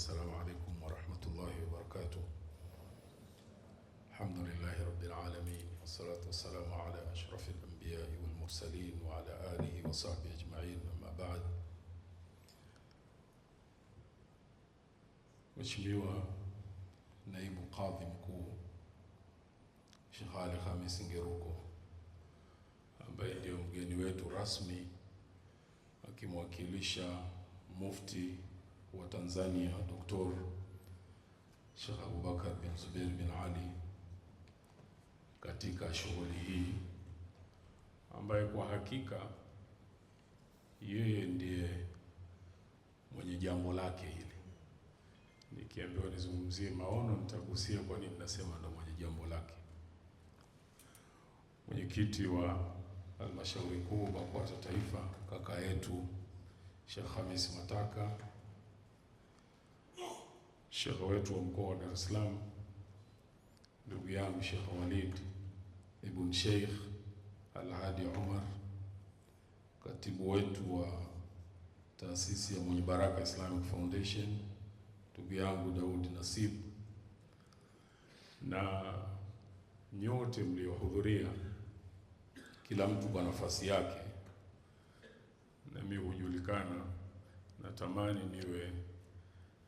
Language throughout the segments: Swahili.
والسلام عليكم ورحمة الله وبركاته الحمد لله رب العالمين والصلاة والسلام على أشرف الأنبياء والمرسلين وعلى آله وصحبه أجمعين أما بعد مشميوة Naibu Kadhi Mkuu Sheikh Ali نجيروكو Ngeruko ambaye ويتو رسمي أكي rasmi akimwakilisha wa Tanzania Dr. Sheikh Abubakar bin Zubair bin Ali katika shughuli hii ambaye kwa hakika yeye ndiye mwenye jambo lake hili. Nikiambiwa nizungumzie maono, nitagusia kwa nini nasema ndo mwenye jambo lake. Mwenyekiti wa halmashauri kuu BAKWATA taifa kaka yetu Sheikh Hamis Mataka Shekhe wetu wa mkoa wa Dar es Salaam, ndugu yangu Sheikh Walid ibn Sheikh Alhadi Umar, katibu wetu wa taasisi ya Mwenye Baraka Islamic Foundation, ndugu yangu Daudi Nasib na nyote mliohudhuria, kila mtu kwa nafasi yake. Nami hujulikana, natamani niwe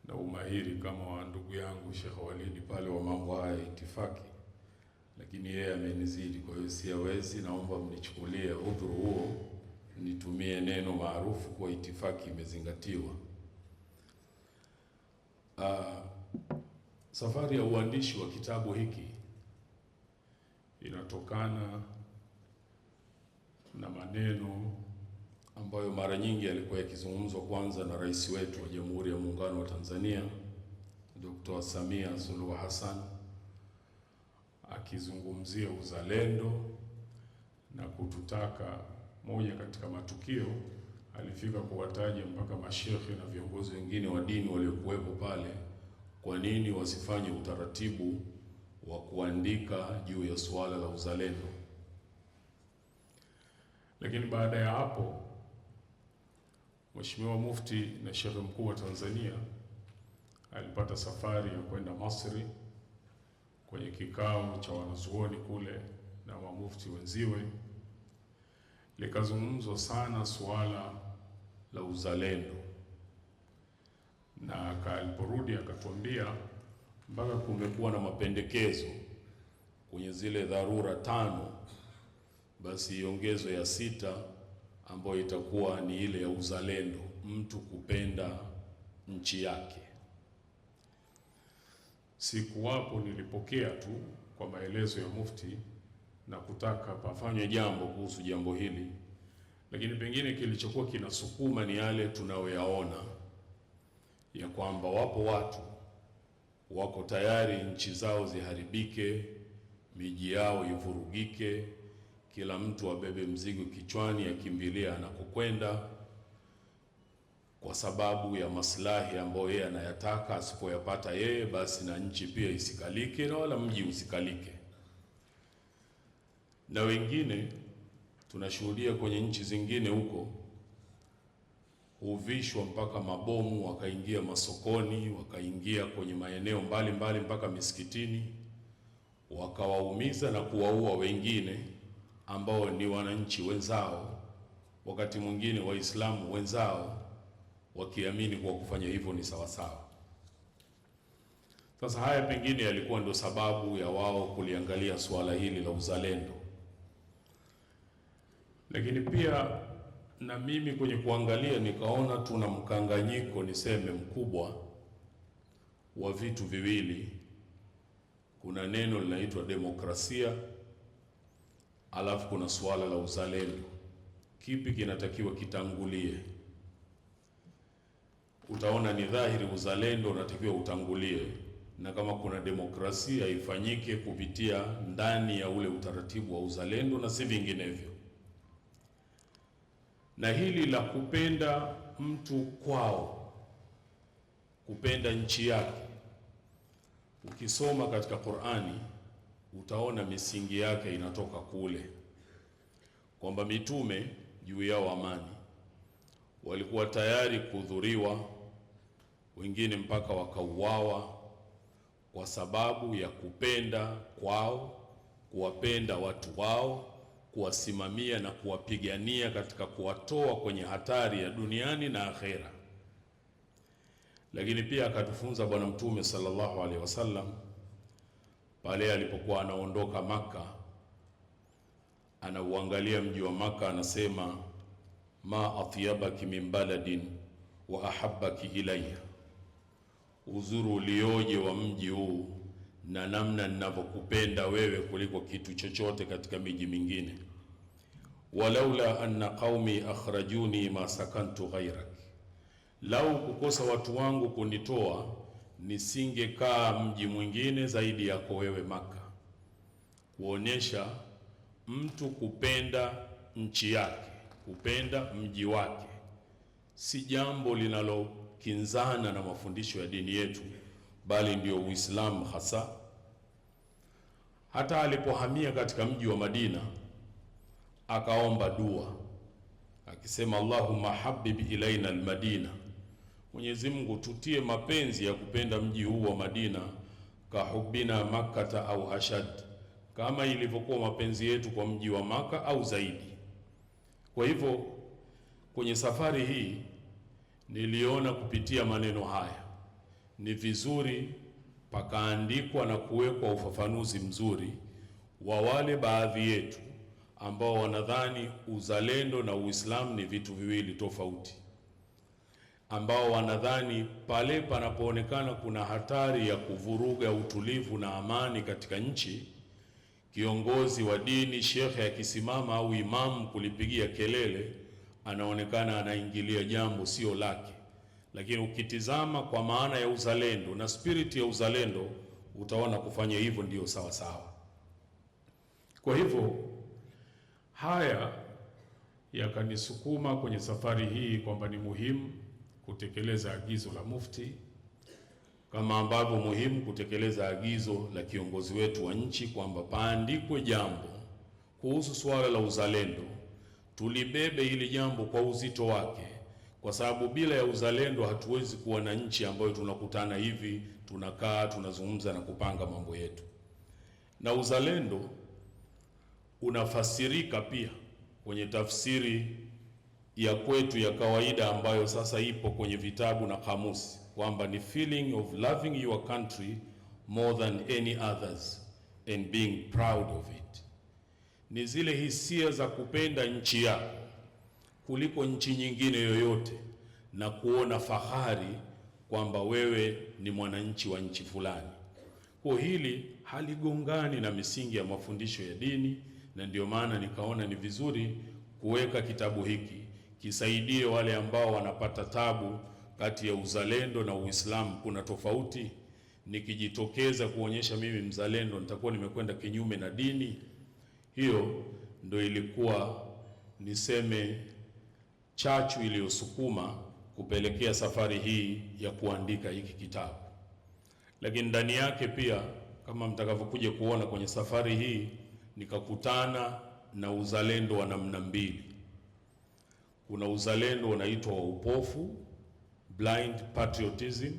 na umahiri kama wa ndugu yangu Sheikh Walidi pale wa mambo haya itifaki, lakini yeye amenizidi, kwa hiyo siwezi. Naomba mnichukulie udhuru huo, nitumie neno maarufu kwa itifaki imezingatiwa. Aa, ah, safari ya uandishi wa kitabu hiki inatokana na maneno ambayo mara nyingi yalikuwa yakizungumzwa kwanza na rais wetu wa Jamhuri ya Muungano wa Tanzania Dr. Samia Suluhu Hassan akizungumzia uzalendo na kututaka. Moja katika matukio alifika kuwataja mpaka mashehe na viongozi wengine wa dini waliokuwepo pale, kwa nini wasifanye utaratibu wa kuandika juu ya suala la uzalendo. Lakini baada ya hapo Mheshimiwa Mufti na Sheikh Mkuu wa Tanzania alipata safari ya kwenda Masri kwenye kikao cha wanazuoni kule na wamufti wenziwe, likazungumzwa sana suala la uzalendo, na aliporudi akatuambia mpaka kumekuwa na mapendekezo kwenye zile dharura tano, basi iongezwe ya sita ambayo itakuwa ni ile ya uzalendo, mtu kupenda nchi yake. Sikuwapo, nilipokea tu kwa maelezo ya Mufti na kutaka pafanywe jambo kuhusu jambo hili, lakini pengine kilichokuwa kinasukuma ni yale tunayoyaona ya kwamba wapo watu wako tayari nchi zao ziharibike, miji yao ivurugike kila mtu abebe mzigo kichwani, akimbilia anakokwenda kwa sababu ya maslahi ambayo yeye anayataka. Asipoyapata yeye, basi na nchi pia isikalike na wala mji usikalike. Na wengine tunashuhudia kwenye nchi zingine huko huvishwa mpaka mabomu, wakaingia masokoni, wakaingia kwenye maeneo mbalimbali mbali, mpaka misikitini wakawaumiza na kuwaua wengine ambao ni wananchi wenzao, wakati mwingine Waislamu wenzao, wakiamini kwa kufanya hivyo ni sawasawa. Sasa haya pengine yalikuwa ndio sababu ya wao kuliangalia suala hili la uzalendo, lakini pia na mimi kwenye kuangalia nikaona tuna mkanganyiko, niseme mkubwa, wa vitu viwili. Kuna neno linaitwa demokrasia alafu kuna suala la uzalendo. Kipi kinatakiwa kitangulie? Utaona ni dhahiri uzalendo unatakiwa utangulie, na kama kuna demokrasia ifanyike kupitia ndani ya ule utaratibu wa uzalendo na si vinginevyo. Na hili la kupenda mtu kwao, kupenda nchi yake, ukisoma katika Qur'ani utaona misingi yake inatoka kule kwamba mitume juu yao amani walikuwa tayari kudhuriwa, wengine mpaka wakauawa kwa sababu ya kupenda kwao, kuwapenda watu wao, kuwasimamia na kuwapigania katika kuwatoa kwenye hatari ya duniani na akhera. Lakini pia akatufunza Bwana Mtume sallallahu alaihi wasallam pale alipokuwa anaondoka Maka, anauangalia mji wa Maka, anasema ma atyabaki min baladin wa ahabaki ilayya, uzuru ulioje wa mji huu na namna ninavyokupenda wewe kuliko kitu chochote katika miji mingine. walaula anna qaumi akhrajuni ma sakantu ghairak, lau kukosa watu wangu kunitoa nisingekaa mji mwingine zaidi yako wewe Maka, kuonyesha mtu kupenda nchi yake, kupenda mji wake si jambo linalokinzana na mafundisho ya dini yetu, bali ndio Uislamu hasa. Hata alipohamia katika mji wa Madina akaomba dua akisema, Allahumma habib ilaina almadina Mwenyezi Mungu tutie mapenzi ya kupenda mji huu wa Madina kahubina Makkata au ashad, kama ilivyokuwa mapenzi yetu kwa mji wa Maka au zaidi. Kwa hivyo kwenye safari hii niliona kupitia maneno haya ni vizuri pakaandikwa na kuwekwa ufafanuzi mzuri wa wale baadhi yetu ambao wanadhani uzalendo na Uislamu ni vitu viwili tofauti ambao wanadhani pale panapoonekana kuna hatari ya kuvuruga utulivu na amani katika nchi, kiongozi wa dini shekhe akisimama au imamu kulipigia kelele, anaonekana anaingilia jambo sio lake. Lakini ukitizama kwa maana ya uzalendo na spiriti ya uzalendo, utaona kufanya hivyo ndiyo sawa sawa. Kwa hivyo haya yakanisukuma kwenye safari hii kwamba ni muhimu kutekeleza agizo la Mufti kama ambavyo muhimu kutekeleza agizo la kiongozi wetu wa nchi kwamba paandikwe jambo kuhusu suala la uzalendo, tulibebe hili jambo kwa uzito wake, kwa sababu bila ya uzalendo hatuwezi kuwa na nchi ambayo tunakutana hivi, tunakaa tunazungumza na kupanga mambo yetu. Na uzalendo unafasirika pia kwenye tafsiri ya kwetu ya kawaida ambayo sasa ipo kwenye vitabu na kamusi kwamba ni feeling of loving your country more than any others and being proud of it, ni zile hisia za kupenda nchi yako kuliko nchi nyingine yoyote na kuona fahari kwamba wewe ni mwananchi wa nchi fulani. Kwa hili haligongani na misingi ya mafundisho ya dini, na ndio maana nikaona ni vizuri kuweka kitabu hiki kisaidie wale ambao wanapata tabu. Kati ya uzalendo na Uislamu kuna tofauti. Nikijitokeza kuonyesha mimi mzalendo, nitakuwa nimekwenda kinyume na dini. Hiyo ndo ilikuwa niseme chachu iliyosukuma kupelekea safari hii ya kuandika hiki kitabu, lakini ndani yake pia, kama mtakavyokuja kuona kwenye safari hii, nikakutana na uzalendo wa namna mbili. Kuna uzalendo unaitwa wa upofu, blind patriotism,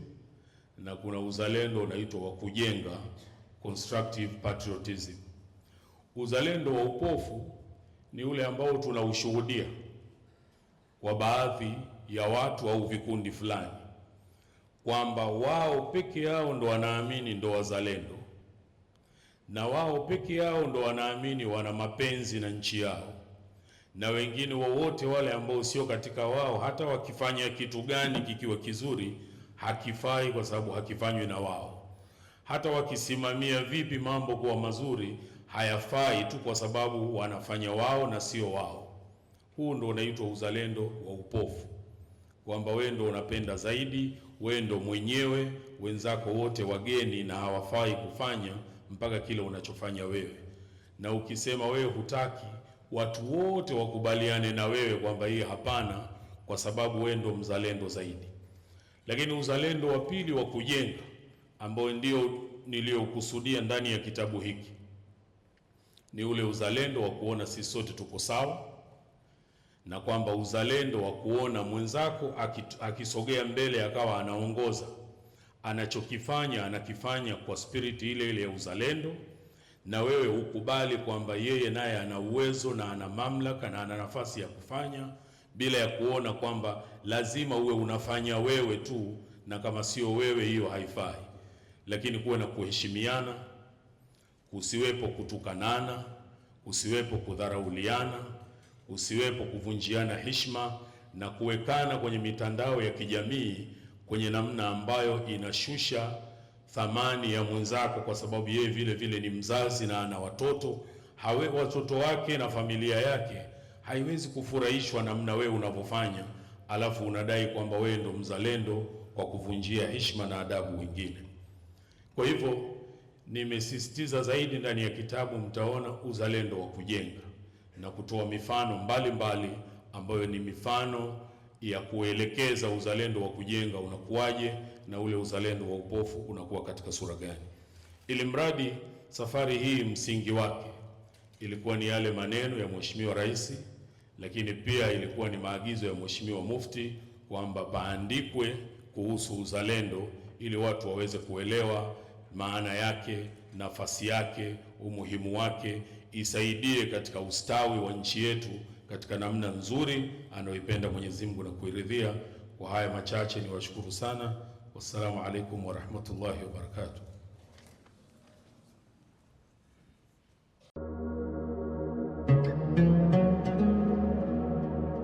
na kuna uzalendo unaitwa wa kujenga, constructive patriotism. Uzalendo wa upofu ni ule ambao tunaushuhudia kwa baadhi ya watu au vikundi fulani kwamba wao peke yao ndo wanaamini ndo wazalendo, na wao peke yao ndo wanaamini wana mapenzi na nchi yao na wengine wowote wale ambao sio katika wao, hata wakifanya kitu gani kikiwa kizuri hakifai, kwa sababu hakifanywi na wao. Hata wakisimamia vipi mambo kuwa mazuri hayafai tu kwa sababu wanafanya wao na sio wao. Huu ndo unaitwa uzalendo wa upofu, kwamba wewe ndo unapenda zaidi, wewe ndo mwenyewe, wenzako wote wageni na hawafai kufanya mpaka kile unachofanya wewe, na ukisema wewe hutaki watu wote wakubaliane na wewe kwamba hii hapana, kwa sababu wewe ndo mzalendo zaidi. Lakini uzalendo wa pili wa kujenga ambao ndio niliokusudia ndani ya kitabu hiki ni ule uzalendo wa kuona sisi sote tuko sawa, na kwamba uzalendo wa kuona mwenzako akisogea mbele akawa anaongoza, anachokifanya anakifanya kwa spiriti ile ile ya uzalendo na wewe ukubali kwamba yeye naye ana uwezo na ana mamlaka na ana nafasi ya kufanya bila ya kuona kwamba lazima uwe unafanya wewe tu, na kama sio wewe hiyo haifai. Lakini kuwe na kuheshimiana, kusiwepo kutukanana, kusiwepo kudharauliana, kusiwepo kuvunjiana heshima na kuwekana kwenye mitandao ya kijamii kwenye namna ambayo inashusha thamani ya mwenzako, kwa sababu yeye vile vile ni mzazi na ana watoto hawe, watoto wake na familia yake haiwezi kufurahishwa namna wewe unavyofanya, alafu unadai kwamba wewe ndo mzalendo kwa kuvunjia heshima na adabu wengine. Kwa hivyo nimesisitiza zaidi ndani ya kitabu, mtaona uzalendo wa kujenga na kutoa mifano mbalimbali mbali, ambayo ni mifano ya kuelekeza uzalendo wa kujenga unakuwaje na ule uzalendo wa upofu unakuwa katika sura gani. Ili mradi safari hii msingi wake ilikuwa ni yale maneno ya Mheshimiwa Rais, lakini pia ilikuwa ni maagizo ya Mheshimiwa Mufti kwamba paandikwe kuhusu uzalendo ili watu waweze kuelewa maana yake, nafasi yake, umuhimu wake, isaidie katika ustawi wa nchi yetu katika namna nzuri anayoipenda Mwenyezi Mungu na kuiridhia. Kwa haya machache, niwashukuru sana. Wassalamu alaikum warahmatullahi wabarakatuh.